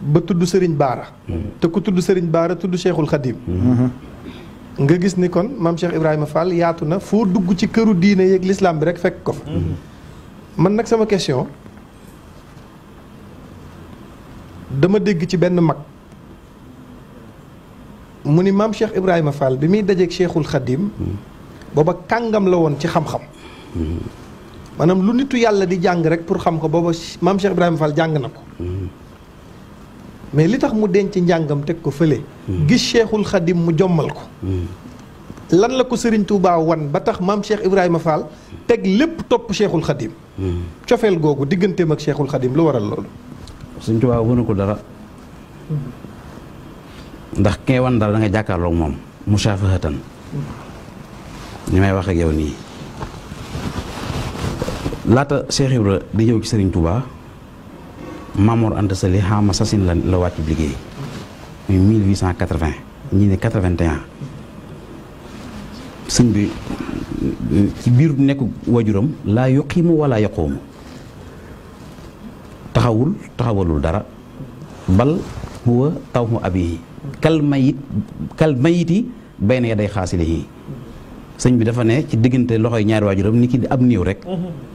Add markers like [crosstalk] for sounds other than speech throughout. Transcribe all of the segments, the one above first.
ba tudd sëriñ Baara. Mm-hmm. te ku tudd Serigne Baara tudd seexul Khadim. Mm-hmm. nga gis ni kon maam Cheikh Ibrahima Fall yaatu na foo dugg ci këru diine yeeg lislaam bi rek fekk ko fa. Mm-hmm. man nag sama question dama dégg ci benn mag mu ni maam Cheikh Ibrahima Fall bi muy dajeeg seexul Khadim booba kàngam la woon ci xam-xam. maanaam lu nitu yàlla di jàng rek pour xam ko booba maam Cheikh Ibrahima Fall jàng na ko. mais li tax mu denc njàngam teg ko fële. Hmm. gis Cheikhul Khadim mu jommal ko. Hmm. lan la ko sëriñ Touba wan ba tax maam Cheikh Ibrahima Fall teg lépp topp Cheikhul Khadim. Hmm. cofeel googu digganteem ak seexul xadim lu waral loolu. Serigne Touba wënu ko dara. ndax kee wan dara da nga jàkkaarloog moom musaafahatan ni may wax ak nii laata Cheikh Ibra di ñëw ci sëriñ Touba. Mamor Anta Sali xaama sasin la la wàccu liggéey muy 1880 ñii ne 81 sëñ bi ci biir nekk wajuram laa yuqiimu wala yaquumu taxawul taxawalul dara bal huwa tawhu abihi kal mayit kal mayiti bayna yaday xaasilihi sëñ bi dafa ne ci diggante loxoy ñaari waajuram ni ki ab néew rek mhm.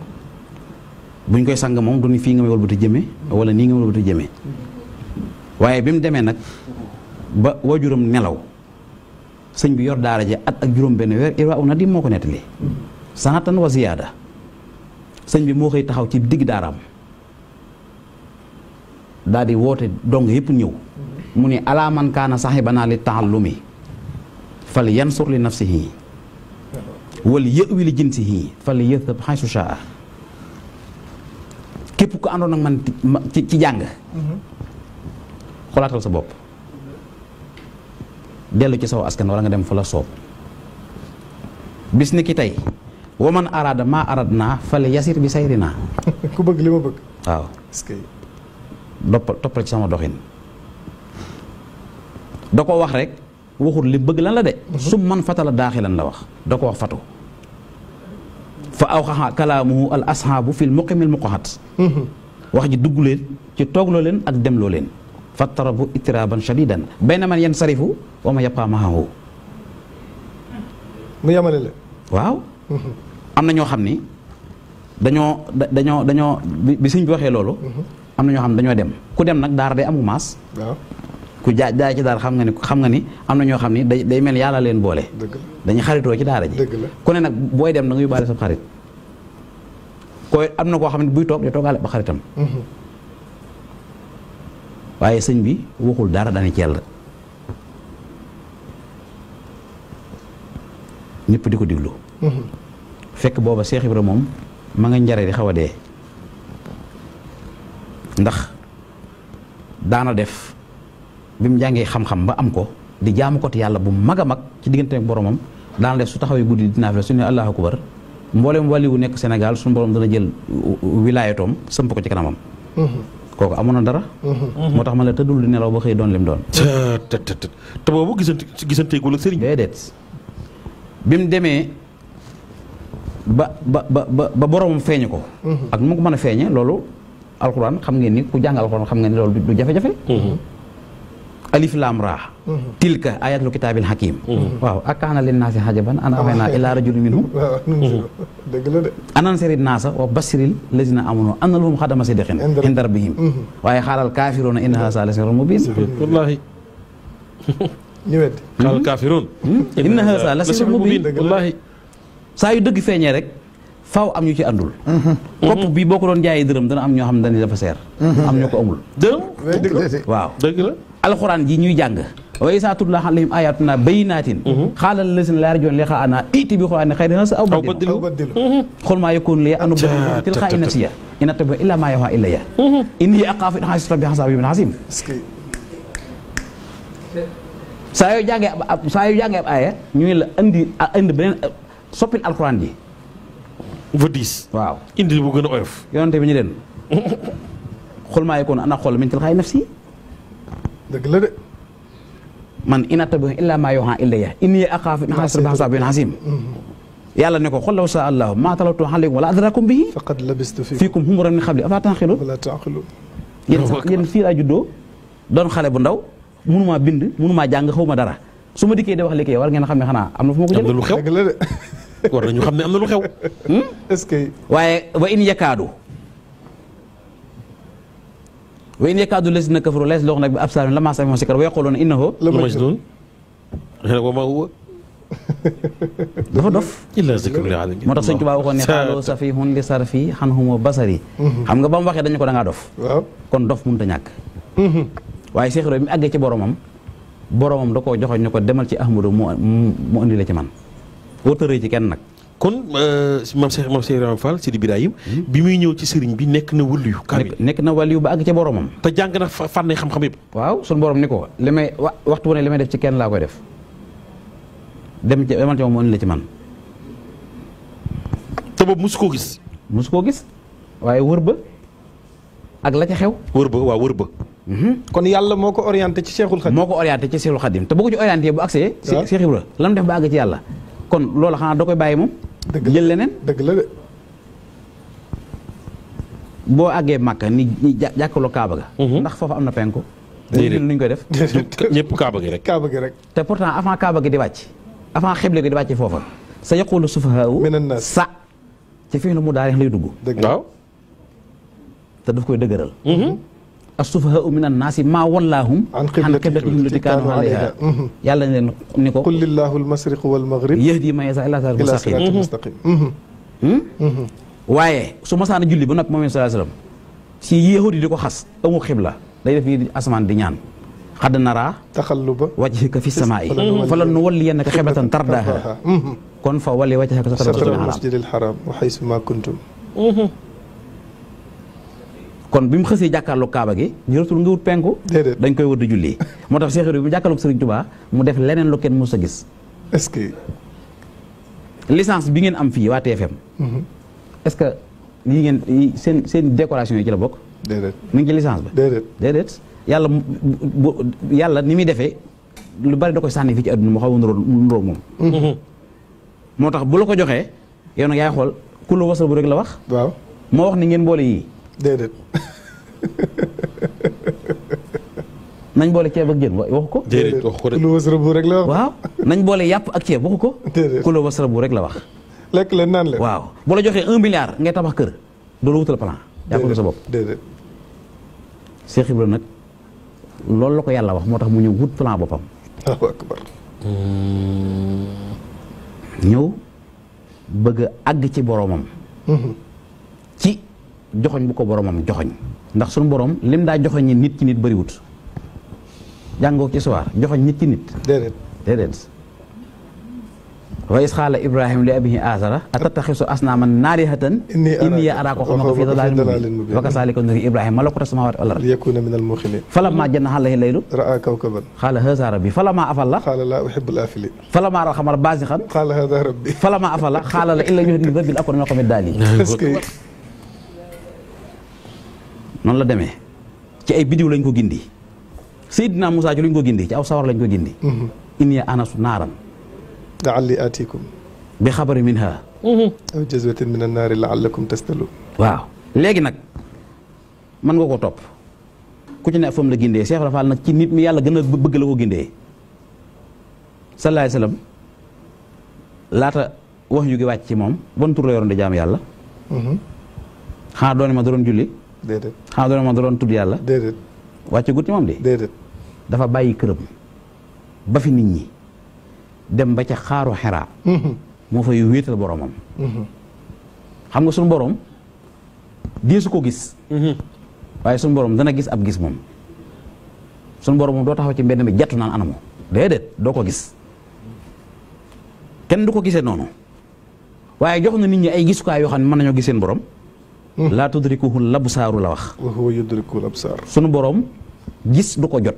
buñ koy sang mom duñ fi nga may walbati jëme wala ni nga may walbati jëme waye bimu démé nak ba wajuram nelaw señ bi yor daara ji at ak juróom ben wër irwa na di moko netali sanatan wa ziyada señ bi mo xey taxaw ci dig daaram di dong yep ñew muni ala man kana sahibana li taallumi fal li nafsihi wal ya'wi li jinsihi fal yëthab shaa képp ko andon ak man ci ci jàng. Mm-hmm. xolaatal sa bop delu ci saw askan wala nga dem fa la soob. bis ni ki tay waman arada ma aradna fal yasir bi sayrina [laughs] ku bëgg lima bëgg. waaw. est-ce que. ci sama doxine dako wax rek waxul li bëgg lan la de. Mm-hmm. sum man fatala dakhilan la wax dako wax fatu. fa awxaxa kalaamuhu al ashaabu fil muqimil muqaxat mhm. wax ji dugg leen ci toogloo leen ak demloo leen fattarabu itiraban shadidan bayna man yan sarifu wa ma yabqa maahu mu yemale la waaw mhm. am na ñoo xam ni dañoo dañoo dañoo bi sëñ bi waxee loolu mhm. am na ñoo xam ne dañoo dem ku dem nag daara day amu maas ku jaay jaay ci daara xam nga ni xam ni am na ñoo xam ni day day mel yàlla leen boole. dañuy xaritoo ci daara ji. ku ne nag booy dem da nga yóbbaale sa xarit. koy am na koo xam ne buy toog di toogaale ba xaritam. Mm-hmm. waaye sëñ bi waxul dara dana ci yàlla. ñëpp di ko diglu. Mm-hmm. fekk booba Cheikh Ibra moom ma nga njare di xaw dee. ndax daana def. Bim jangé xam-xam ba am ko di jaamu ko te yalla bu maga mag ci digënté ak boromam daan def su taxawé guddi dina fa suñu allahu akbar mboolem waliwu nek Sénégal suñu borom dana jël wilayatom sëmp ko ci kanamam. Mhm. koko amono dara. Mhm. motax tax ma la tëddul di nelaw ba xey doon lim doon. te bobu gisante gisante gol ak sëriñ. dedet bim démé ba ba ba ba boromam feñ ko. Mhm. ak mu ko mëna feñé lolu alcorane xam ngeen ni ku jàng alcorane xam ngeen ni lolu du jafé jafé alif laam raa tilka ayatul kitaabil hakim waaw ak kaana lin naasi hajaban an awayna ila rajulin minhum dëgg la de anan serit naasa wa basiril lazina amanu anna lahum xadama sidqin inda rabbihim waaye xaalal kaafiruuna inna haza la sirrun mubin wallahi ñu weddi xaalal kaafiruun inna haza la sirrun mubin wallahi saa yu dëgg feeñee rek faaw am ñu ci àndul kopp bi boo ko doon jaayee dërëm dana am ñoo xam ne dañu dafa seer am ñu ko amul dërëm waaw dëgg la Al ji ñuy jàng wa isa tutla ayatuna bayinatin xaalal mhm. lazina laa yarjuuna liqaa'anaa i'tu bi qur'aanin xayrin haazaa aw baddilu mhm. qul maa yakuunu lii an ubaddila tilqaa'i nafsii in attabi'u illaa maa yuuhaa ilayya innii mhm. in asaytu rabbii azaaba yawmin aziim saa yoo jàngee ab saa yoo jàngee ab la indi indi beneen soppil alxuraan ji vadis waaw indil bu gën oyof yonente bi ñu leen xul [laughs] maa yakuunu min dëgg la de. man in attabi'u illaa maa yuuhaa ilayya innii axaafu in alayya a azaabin aziim mm-hmm. yàlla ne ko qul law shaa'a allaahu maa talawtuhu alaykum wa laa adraakum bihi. faqad labistu fiikum umuran min doon xale bu ndaw ma bind mënumaa jàng xawma dara su ma dikkee di wax léegi war xam ne xanaa am na fu ma ko jëlee. am na lu xew war nañu xam ne am na lu xew. Hmm? est waaye wa in yakaadu wa in yakaadu lazina kafaru la yasluqunaka bi absaarihim lammaa sami'uu zikra wa yaquuluuna innahu la majnuun moo tax sëñ Tuubaa waxoon ne xaaloo safihun li sarfi xanhumu basari xam nga ba mu waxee dañu da ngaa dof kon dof mënut a ñàkk waaye Seex Ibra bi mu àggee ci boromam boromam da koo joxoñ ne ko demal ci Ahmadu mu indi la ci man wóor ci kenn nag kon euh, maam Cheikh maam Cheikh Ibrahima Fall Sidi Birahim hmm? bi muy ñëw ci sëriñ bi nekk na waliyu kaamil nekk na waliyu ba àgg ca boromam te jàng na fànn xam-xam yëpp waaw suñu borom ni ko li may waxtu wu ne li may def ci kenn laa koy def dem ci demal ci moom mën la ci man te boobu mosu koo gis mosu koo gis waaye wër ba ak la ca xew wër ba waaw wër ba hmm? kon yàlla moo ko orienté ci Cheikhul Khadim moo ko orienté ci Cheikhul Khadim te boo ko ci orienté bu accès ah. Cheikh Ibra la mu def ba àgg ci yàlla kon loolu xanaa doo koy bàyyi moom jël leneen dëgg la de. boo àggee Màkka ni ni jàkkaarloo Kaaba ga. Mhm. ndax foofu am na penku. déedéet nuñ koy def. ñëpp Kaaba gi rek. Kaaba gi rek. te pourtant avant Kaaba gi di wàcc. avant xeble gi di wàcc foofa. sa yaqulu sufahaa'u sa ci fi mu ne mu daal lay dugg. dëgg waaw. te daf koy dëgëral. Mhm. السفهاء من الناس ما ولاهم عن قبلتهم التي كانوا عليها يلا نكو قل الله المشرق والمغرب يهدي ما يزعل الله المستقيم واي سو ما سانا جولي بنك محمد صلى الله عليه وسلم سي يهود ديكو خاص امو قبلة دا يف ني اسمان دي نيان قد نرى تخلب وجهك في السماء فلن نولينك قبلة ترداها كن فولي وجهك سطر المسجد الحرام وحيث ما كنتم kon bi mu xësee jàkkaarloog kaaba gi jëratul nga wut penku dañ koy wut di julli moo tax Cheikh Ibra bu jàkkaarloog Serigne Touba mu def leneen lu kenn mos a gis est bi ngeen am fii waa TFM mhm. est-ce que yi ngeen seen seen décoration yi ci la bokk mu ngi ci licence ba déedéet yàlla bu ni muy defee lu bari da koy sànni fii ci àdduna mu xaw a nuróog moom mhm. moo tax bu la ko joxee yow nag yaay xool ku la wasal rek la wax moo wax ni ngeen boole yii déedéet. nañ boole ceeb ak jën waxu ko. déedéet waxu ko bu rek la wax. nañ boole yàpp ak ceeb waxu ko. déedéet rek la wax. lekk leen naan leen. waaw bu joxee un milliard ngay tabax kër doo la wutal plan. yaa ko sa bopp déedéet. Cheikh nag loolu la ko yàlla wax moo tax mu ñëw wut plan boppam. Allahu akbar. ñëw bëgg a àgg ci boroomam. Mm-hmm. ci. joxogn bu ko boromam joxogn ndax suñu borom lim da joxogn ñi nit ki nit bari wut jango ci soir joxogn nit ki nit dedet dedet wa is ibrahim li abihi azara atattakhisu asnaaman narihatan inni araaka xawmaka fi dalaalin wa kasalika nuri ibrahim malakut samawat wal ard ardi liyakuna minal muuqiniin falammaa janna alayhi laylu raa kawkaban khala hadha rabbi falammaa afala khala xaala laa uhibbul aafiliin falammaa raa xamar bazikhan khala hadha rabbi falammaa afala khala la illa yuhdi rabbi al-aqraan wa qawmi noonu la demee ci ay bidiw lañ ko gindi naa Moussa ci luñ ko gindi ci aw sawar lañ ko gindi. Mm-hmm. inni anasu naaran. la'alli aatikum. bi xabari minha. Mm-hmm. aw jazwatin min annaari la'allakum tastalu. waaw léegi nag mën nga ko topp ku ci ne fom la gindee Cheikh Rafal nag ci nit mi yàlla gën a bëgg la ko gindee. sallallahu alayhi wasallam laata wax yu gi wàcc ci moom bon tur la yoroon di jaam yàlla. Mm-hmm. xanaa doone ma doon julli. déedéet xaadara ma da doon tudd yàlla. déedéet wàccagut ci moom de. déedéet dafa bàyyi këram ba fi nit ñi dem ba ca xaaru xeraa. Mhm. moo fay wéetal boromam. Mhm. xam nga suñu borom deesu ko gis. Mhm. waaye suñu borom dana gis ab gis moom suñu borom moom doo taxaw ci mbenn mi jattu naan anamu déedéet do ko gis Ken du ko gisee noonu waaye jox na nit ñi ay gisukaay yoo xam ne mën nañoo gis seen borom. laa tudrikuhul absaaru la wax. wa huwa yudrikul absaar. borom gis du ko jot.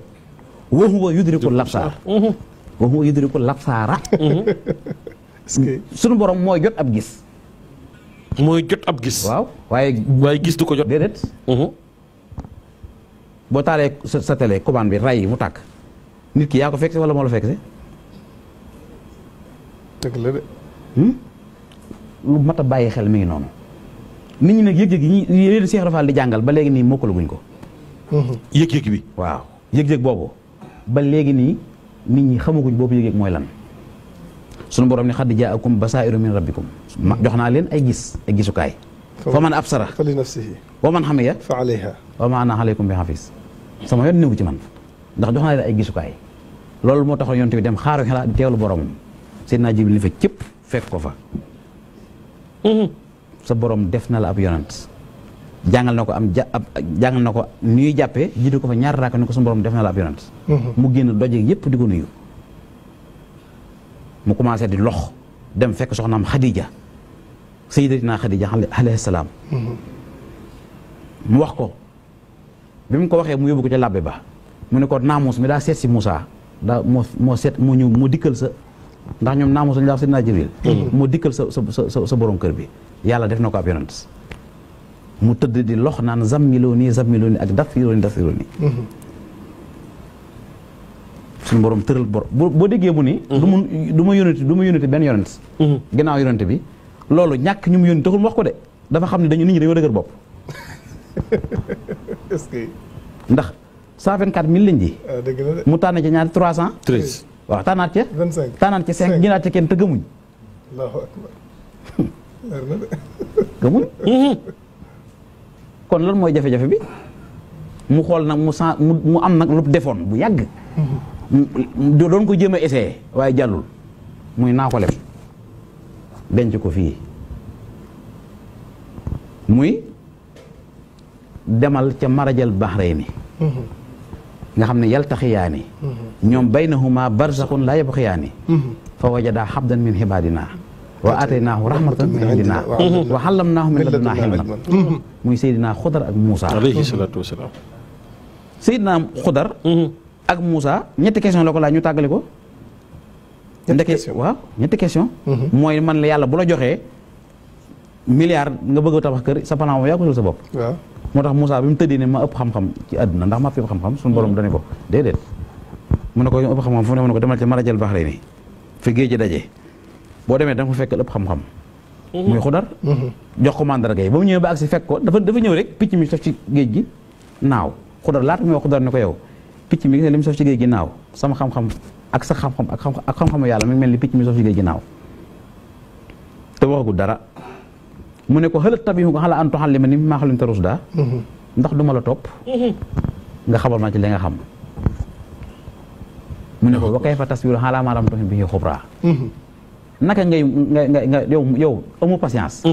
wa huwa yudrikul absaar. wa huwa yudrikul absaara. [laughs] sunu borom mooy jot ab gis. mooy jot ab gis. waaw waaye. waaye gis du ko jot déedéet. boo taalee sa sa télé bi ray mu tàkk nit ki yaa ko fekk si wala moo la fekk si. Hmm? lu mat a bàyyi xel mi ngi noonu. nit ñi nag yëg-yëg yi ñu leen Cheikh di jàngal ba léegi nii mokkalaguñ ko. Mhm. yëg-yëg bi. waaw yëg-yëg boobu ba léegi nii nit ñi xamaguñ boobu yëg-yëg mooy lan. sunu borom ne xad jaakum basaa'iru min rabbikum. ma jox naa leen ay gis gisukaay. fa man absara fa li nafsihi wa man xamiya fa alayha wa ma ana alaykum bi xafis sama ci man ndax jox naa leen ay gisukaay loolu moo tax yonent bi dem xaaru xelaa teelu boromam seen naa jibril fa cëpp fekk ko fa. Mhm. sa borom def na la ab yonant jangal nako am jangal nako nuy jappé jidou ko fa ñaar rak ni sa borom def na la ab yonant mhm. mu genn doje yépp di ko nuyu mu commencé di lox dem fekk soxnaam Khadija sayyidatina Khadija alayhi salam mhm. mu wax ko ko waxé mu ko ci labbe ba mu ne ko namus mi da sét ci Moussa da mo sa ndax ñoom naamusuñ laa Seydina Jibril mm-hmm. moo dikkal sa sa sa sa borom kër bi yàlla def na ko ab yonent mu tëdd di lox naan zammiloo nii zammiloo nii ak dafiroo nii dafiroo nii mm-hmm. suñu borom tëral bor boo déggee mu ni du mm-hmm. mu du ma yónati du ma yónati benn yonent ginnaaw yonent bi loolu ñàkk ñu mu yónni taxul mu wax ko de dafa xam ne dañu nit ñi dañoo dëgër bopp [laughs] est-ce que ndax 124 mille lañ ji ah, mu tànn ci ñaari 300 13 waaw tànnaat ca. 25 tànnaat ca 5 ginaat ca kenn te gëmuñ. gëmuñ. Mhm. kon loolu mooy jafe-jafe bi mu xool nag mu sans mu am nag lu defoon bu yàgg. do doon ko jéem a waaye jàllul muy naa ko leb denc ko fii muy demal ca marajal baxrayni mhm. nga xam ne yaltaxiyaani ñoom baynahuma barzaxun laa yabxiyaani fa wajada xabdan min xibaadina wa aataynaahu rahmatan min indina wa xallamnaahu min ladunaa xilman muy Seydina Xudar ak Moussa alayhi salaatu wasalaam Seydina Xudar ak Moussa ñetti question la ko laaj ñu tàggale ko ndeke waaw ñetti question mhm. mooy man la yàlla bu la joxee milliard nga bëgg a tabax kër sa plan yaa ko sa bopp moo tax Moussa bi mu tëddee ne ma ëpp xam-xam ci àdduna ndax ma ëpp xam-xam suñu borom ko mu ne ko ëpp xam-xam fu mu ne mu ne ko demal ci marajal baax rek ni fi boo demee da nga ko fekkal ëpp xam-xam muy xudar jox ko mandarga yi ba mu ñëwee ba si fekk ko dafa dafa ñëw rek picc mi sof ci géej gi naaw xudar laata muy wax xudar ne ko yow picc mi gis ne li mu sof ci géej gi naaw sama xam-xam ak sa xam-xam ak xam-xamu yàlla mi mel ni picc mi sof ci géej gi naaw te waxagul dara mu ne ko hal tabihu hal antu tuxallima ni maa xalim tarusda mhm. ndax duma la top mhm. nga xamal ma ci li nga xam mu ne ko wa kayfa taswiru tasbiru ma lam tuhim bihi khubra mhm. naka ngay ngay ngay yow yow amu patience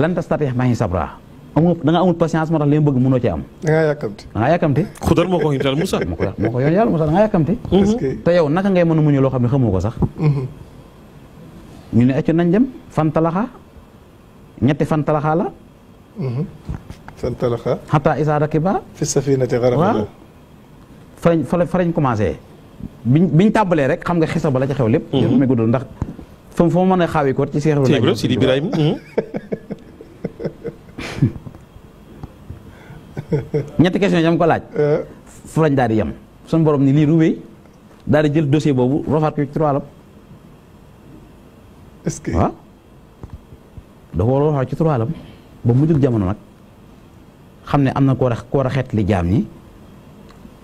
lan tastatix maa ngi sabra amu da nga amu patience motax tax li mu bëgg mënoo ci am. da nga yakamti da nga yakamti xudar moko ngi dal musa moko ko moo musa yoon yàlla Moussa da ngaa yàkkamti. te yow naka ngay mën muñu lo xamni xamoko sax. ñu ne accu nañ dem fantalaxa ñetti talaxa la. Mhm. fantalaxa. xataa isaa rakiba. fi safinati xaraqala waaw fa fa lañ commencé. biñ biñ tàmbalee rek xam nga xisa ba la ca xew lépp. Mhm. yéen mi ndax fa mu mën a xaawi ko ci Cheikh Ibrahima Sidi Ibrahima. [laughs] Mhm. ñetti question yam ko laaj. Euh. fa lañ daal di yem. suñu borom ni lii ruwee daal jël dossier boobu rofaat ko ci wàllam. est-ce que waaw ah? dafa war a waxaat ci turaalam ba mujjug jamono nag xam ne am na koo war a ko a xeet li jaam ñi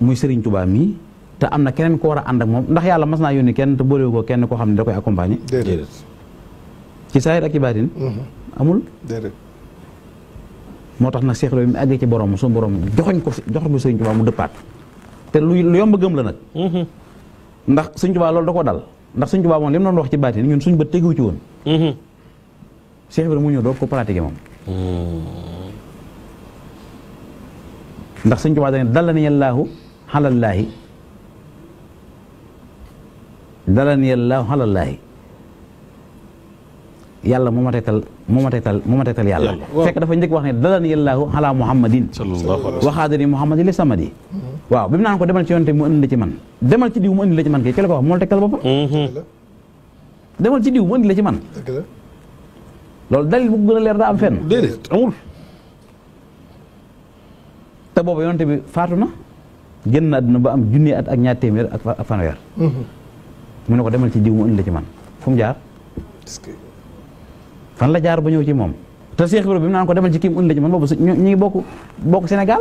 muy sëriñ Touba mii te am na keneen ko war a ànd ak yàlla mas naa yónni kenn te kenn koo xam ne da ci saayir ak ci baatin mm-hmm. amul moo tax nag Cheikh bi mu àggee ci borom suñu borom joxoñ ko joxoñ ko Serigne Touba mu dëppaat te lu yomb gëm la nag. Mm-hmm. ndax Serigne Touba loolu da koo dal. ndax suñ tubaab moom li mu doon wax ci baatin ñun suñ bët teguwu ci woon. Mhm. Cheikh Ibrahima mu ñëw doog ko pratiqué moom. Mhm. ndax suñ tubaab dañuy allahu xalallaahi dalani allahu xalallaahi yàlla moo ma tegtal moo ma tegtal moo ma tegtal yàlla fekk dafa njëkk wax ne dalani yàllaahu ala muhammadin waxaadani muhammad li samadi mm-hmm. waaw bi mu naan ko demal ci yonte mu indi la ci man demal ci diw mu indi la ci man kay ki la ko wax moo la tegtal boppam mm-hmm. demal ci diw mu indi la ci man loolu dalil bu gën a leer daa am fenn mm-hmm. ne ko demal ci diw mu indi la ci man fu jaar fan la jaar ba ñëw ci moom te Cheikh Ibrahima ko demal ci kim un la ci man boobu ñu ngi bokk bokk